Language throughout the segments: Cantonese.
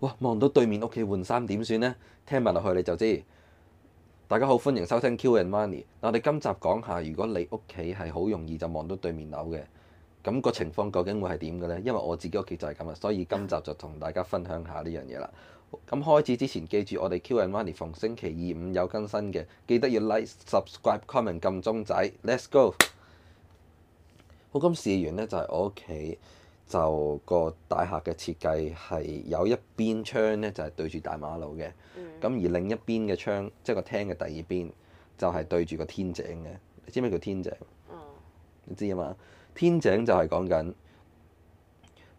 哇！望到對面屋企換衫點算呢？聽埋落去你就知。大家好，歡迎收聽 Q and Money。我哋今集講下，如果你屋企係好容易就望到對面樓嘅，咁個情況究竟會係點嘅呢？因為我自己屋企就係咁啊，所以今集就同大家分享下呢樣嘢啦。咁開始之前，記住我哋 Q and Money 逢星期二五有更新嘅，記得要 Like、 Subscribe、Comment、撳鐘仔。Let's go！好，今試完呢就係我屋企。就個大客嘅設計係有一邊窗咧，就係、是、對住大馬路嘅。咁、嗯、而另一邊嘅窗，即係個廳嘅第二邊，就係、是、對住個天井嘅。你知咩叫天井？嗯、你知啊嘛？天井就係講緊，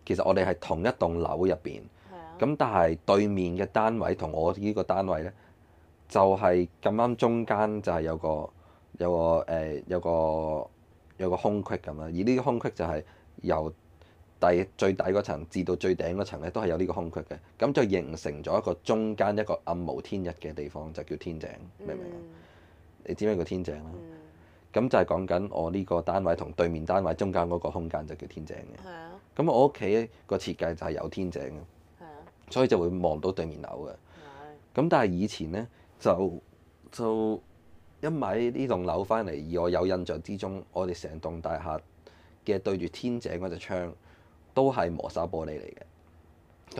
其實我哋係同一棟樓入邊咁，嗯、但係對面嘅單位同我呢個單位呢，就係咁啱中間就係有個有個誒、呃、有個有個、有個空隙咁啦。而呢個空隙就係由第最底嗰層至到最頂嗰層咧，都係有呢個空隙嘅，咁就形成咗一個中間一個暗無天日嘅地方，就叫天井，明唔明、嗯、你知唔知個天井啦？咁、嗯、就係講緊我呢個單位同對面單位中間嗰個空間就叫天井嘅。係啊。咁我屋企個設計就係有天井嘅，啊、所以就會望到對面樓嘅。咁、啊、但係以前呢，就就因為呢棟樓翻嚟，而我有印象之中，我哋成棟大廈嘅對住天井嗰隻窗，都係磨砂玻璃嚟嘅，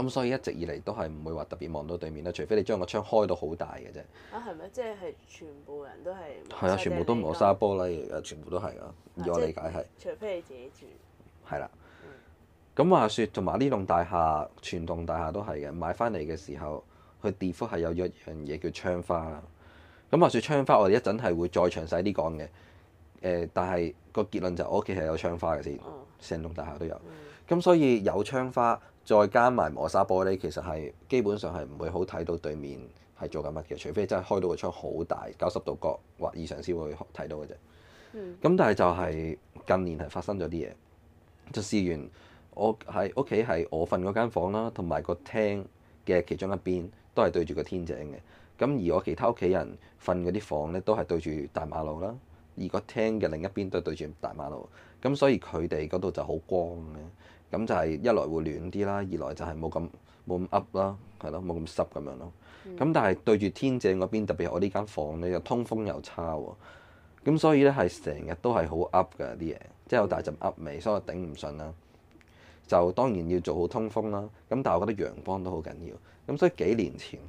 咁所以一直以嚟都係唔會話特別望到對面啦。除非你將個窗開到好大嘅啫。啊，係咪？即係全部人都係係啊，全部都磨砂玻璃嚟嘅，全部都係啊。以我理解係，啊、除非你自己住係啦。咁的、嗯、話説，同埋呢棟大廈、傳統大廈都係嘅。買翻嚟嘅時候，佢 default 係有一樣嘢叫窗花。咁、嗯、話説窗花，我哋一陣係會再詳細啲講嘅。誒，但係個結論就係、我屋企係有窗花嘅先，成棟大廈都有。嗯嗯。咁所以有窗花再加埋磨砂玻璃，其實係基本上係唔會好睇到對面係做緊乜嘅，除非真係開到個窗好大，九十度角或以上先會睇到嘅啫。咁、嗯、但係就係近年係發生咗啲嘢，就試完我喺屋企係我瞓嗰間房啦，同埋個廳嘅其中一邊都係對住個天井嘅。咁而我其他屋企人瞓嗰啲房咧，都係對住大馬路啦。而個廳嘅另一邊都對住大馬路，咁所以佢哋嗰度就好光嘅。咁就係一來會暖啲啦，二來就係冇咁冇咁噏啦，係咯，冇咁濕咁樣咯。咁、嗯、但係對住天井嗰邊，特別我呢間房咧，又通風又差喎。咁所以咧係成日都係好噏㗎啲嘢，即係好大陣噏味，所以我頂唔順啦。就當然要做好通風啦。咁但係我覺得陽光都好緊要。咁所以幾年前，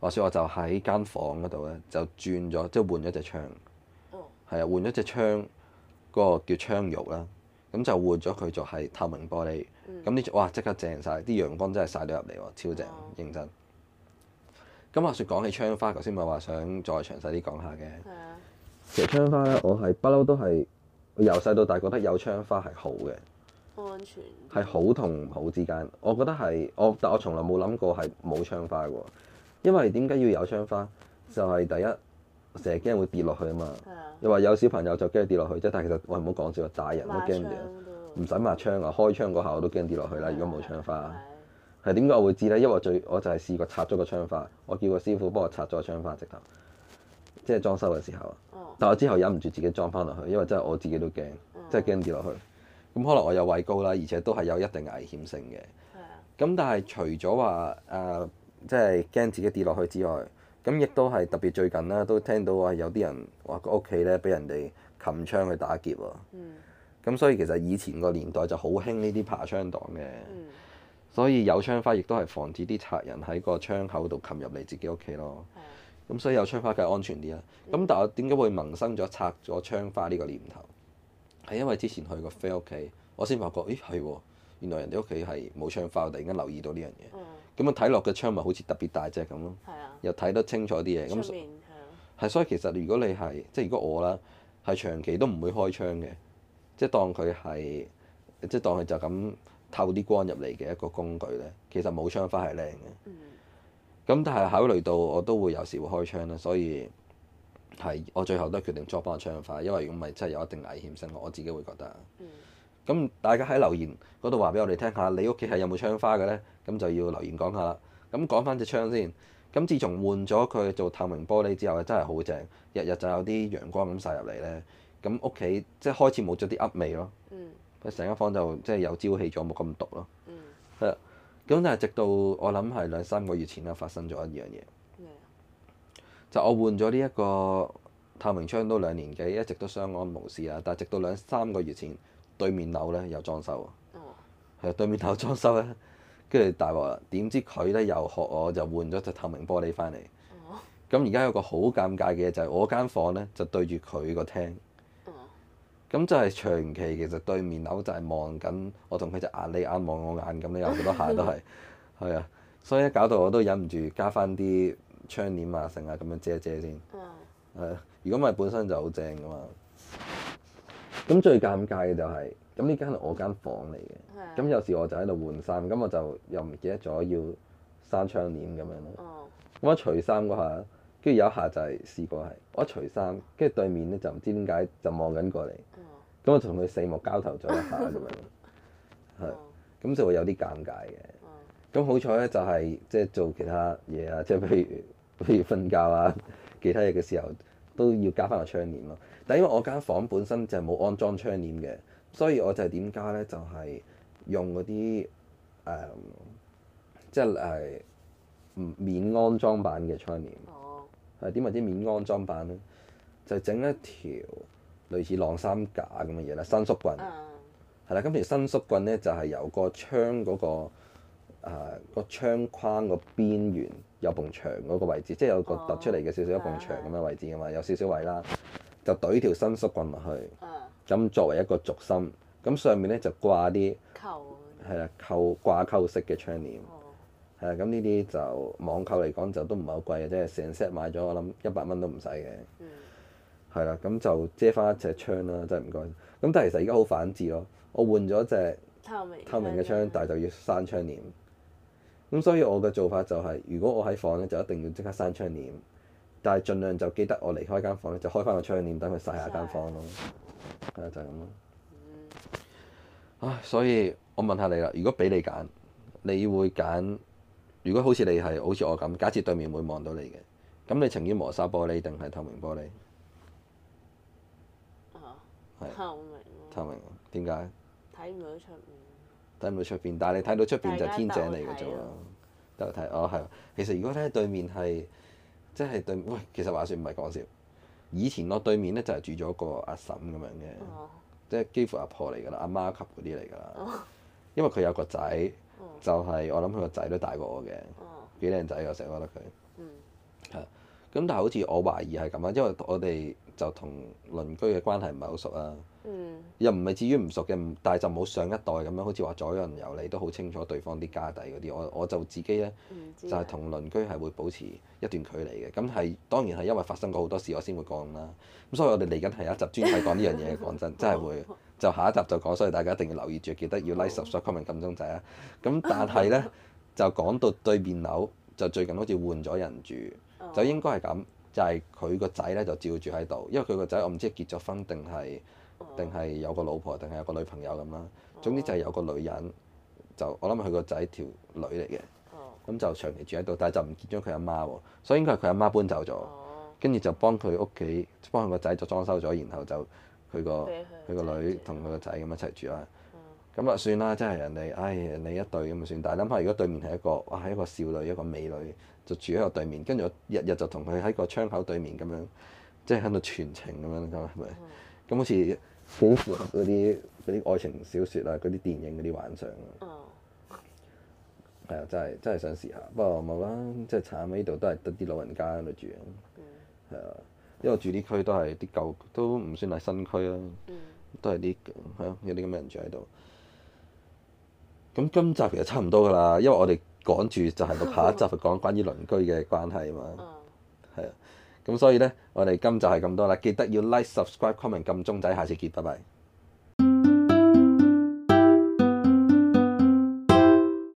話説我就喺間房嗰度咧，就轉咗即係換咗隻窗，係啊、哦，換咗隻窗嗰、嗰個叫窗肉啦。咁就換咗佢做係透明玻璃，咁你、嗯、哇！即刻正晒啲陽光真係晒到入嚟喎，超正！哦、認真。咁話説講起窗花，頭先咪係話想再詳細啲講下嘅。係啊、嗯。其實窗花咧，我係不嬲都係，由細到大覺得有窗花係好嘅。安全。係好同唔好之間，我覺得係我，但我從來冇諗過係冇窗花嘅。因為點解要有窗花？就係、是、第一。成日驚會跌落去啊嘛！又話有小朋友就驚跌落去啫，的但係其實我唔好講笑，大人都驚跌，唔使抹窗啊！開窗嗰下我都驚跌落去啦。的如果冇窗花啊，係點解我會知呢，因為我最我就係試過拆咗個窗花，我叫個師傅幫我拆咗個窗花，直頭即係裝修嘅時候。但我之後忍唔住自己裝翻落去，因為真係我自己都驚，真係驚跌落去。咁可能我有畏高啦，而且都係有一定危險性嘅。咁的但係除咗話誒，即係驚自己跌落去之外。咁亦都係特別最近啦，都聽到話有啲人話個屋企咧俾人哋擒窗去打劫喎。咁、嗯、所以其實以前個年代就好興呢啲爬窗黨嘅，嗯、所以有窗花亦都係防止啲賊人喺個窗口度擒入嚟自己屋企咯。咁、嗯、所以有窗花梗係安全啲啦。咁、嗯、但係我點解會萌生咗拆咗窗花呢個念頭？係因為之前去過飛屋企，我先發覺，咦係喎，原來人哋屋企係冇窗花，我突然間留意到呢樣嘢。咁啊，睇落個窗咪好似特別大隻咁咯，啊、又睇得清楚啲嘢。咁係面那，所以其實如果你係，即係如果我啦，係長期都唔會開窗嘅，即係當佢係，即係當佢就咁透啲光入嚟嘅一個工具咧，其實冇窗花係靚嘅。咁、嗯、但係考慮到我都會有時會開窗啦，所以係我最後都係決定作翻個窗花，因為如果唔係真係有一定危險性，我自己會覺得。嗯咁大家喺留言嗰度話俾我哋聽下，你屋企係有冇窗花嘅呢？咁就要留言講下啦。咁講翻隻窗先。咁自從換咗佢做透明玻璃之後，真係好正，日日就有啲陽光咁曬入嚟呢。咁屋企即係開始冇咗啲噏味咯。嗯。佢成間房就即係有朝氣咗，冇咁毒咯。嗯。係啦。咁但係直到我諗係兩三個月前啦，發生咗一樣嘢，嗯、就我換咗呢一個透明窗都兩年幾，一直都相安無事啊。但係直到兩三個月前。對面樓咧又裝修，係對面樓裝修咧，跟住大鑊，點知佢咧又學我就換咗隻透明玻璃翻嚟，咁而家有個好尷尬嘅嘢就係我間房咧就對住佢個廳，咁就係長期其實對面樓就係望緊我同佢隻眼你眼望我眼咁咧，有好多下都係係啊，所以一搞到我都忍唔住加翻啲窗簾啊，成啊咁樣遮遮先，係如果唔係本身就好正噶嘛。咁最尷尬嘅就係、是，咁呢間係我間房嚟嘅，咁的有時我就喺度換衫，咁我就又唔記得咗要閂窗簾咁樣咯。哦、我除衫嗰下，跟住有一下就係試過係，我除衫，跟住對面咧就唔知點解就望緊過嚟，咁、哦、我同佢四目交頭咗一下咁樣，係、哦，咁就會有啲尷尬嘅。咁、哦、好彩咧就係即係做其他嘢啊，即係譬如譬如瞓覺啊， 其他嘢嘅時候。都要加翻個窗簾咯。但因為我間房本身就冇安裝窗簾嘅，所以我就係點加呢？就係、是、用嗰啲誒，即係唔、呃、免安裝版嘅窗簾，係點、oh.？或者免安裝版咧，就整一條類似晾衫架咁嘅嘢啦，伸縮棍係啦、uh.。今條伸縮棍呢，就係、是、由個窗嗰、那個。啊！個窗框個邊緣有埲牆嗰個位置，即係有個突出嚟嘅少少一埲牆咁嘅位置嘅嘛，有少少位啦，就懟條伸縮棍落去，咁作為一個軸心，咁上面呢就掛啲扣，係啊，扣掛扣式嘅窗簾，係啊，咁呢啲就網購嚟講就都唔係好貴嘅，即係成 set 買咗我諗一百蚊都唔使嘅，係啦，咁就遮翻一隻窗啦，真係唔該。咁但係其實而家好反智咯，我換咗隻透明透明嘅窗，但係就要閂窗簾。咁、嗯、所以我嘅做法就係、係，如果我喺房咧，就一定要即刻閂窗簾，但係儘量就記得我離開間房咧，就開翻個窗簾，等佢曬下間房咯。係啊、嗯，就係咁咯。唉，所以我問下你啦，如果俾你揀，你會揀？如果好似你係好似我咁，假設對面會望到你嘅，咁你情願磨砂玻璃定係透明玻璃？啊、是透明。透明。點解？睇唔到出面。睇唔到出邊，但係你睇到出邊就天井嚟嘅啫喎。睇、啊，哦係。其實如果咧對面係，即係對，喂，其實話説唔係講笑。以前我對面咧就係住咗個阿嬸咁樣嘅，哦、即係幾乎阿婆嚟㗎啦，阿媽、媽級嗰啲嚟㗎啦。哦、因為佢有個仔，就係、是、我諗佢個仔都大過我嘅，幾靚仔，我成日覺得佢。係、嗯，咁但係好似我懷疑係咁啊，因為我哋。就同鄰居嘅關係唔係好熟啊，嗯、又唔係至於唔熟嘅，但係就冇上一代咁樣，好似話左鄰右里，都好清楚對方啲家底嗰啲。我我就自己呢，嗯、就係同鄰居係會保持一段距離嘅。咁係當然係因為發生過好多事，我先會講啦。咁所以我哋嚟緊係有一集專係講呢樣嘢。講 真，真係會就下一集就講，所以大家一定要留意住，記得要 like subscribe comment 撳鐘仔啊。咁但係呢，就講到對面樓就最近好似換咗人住，就應該係咁。哦哦就係佢個仔咧，就照住喺度，因為佢個仔我唔知係結咗婚定係定係有個老婆，定係有個女朋友咁啦。總之就係有個女人，就我諗佢個仔條女嚟嘅。咁就長期住喺度，但係就唔見咗佢阿媽喎，所以應該係佢阿媽搬走咗，跟住就幫佢屋企幫佢個仔就裝修咗，然後就佢個佢個女同佢個仔咁一齊住啦。咁啊算啦，真係人哋，唉人哋一對咁就算，但係諗下如果對面係一個，哇一個少女一個美女，就住喺我對面，跟住我日日就同佢喺個窗口對面咁樣，即係喺度傳情咁樣咯，係咪？咁、嗯、好似好符合嗰啲嗰啲愛情小説啊，嗰啲電影嗰啲幻想啊。哦、嗯。啊，真係真係想試下，不過冇啦，即係慘啊！呢度都係得啲老人家喺度住啊。嗯、啊，因為我住呢區都係啲舊，都唔算係新區啦。都係啲係咯，有啲咁嘅人住喺度。咁今集其實差唔多㗎啦，因為我哋趕住就係錄下一集，講關於鄰居嘅關係啊嘛，係啊， 咁所以咧，我哋今集係咁多啦，記得要 like、subscribe、comment、撳鐘仔，下次見，拜拜。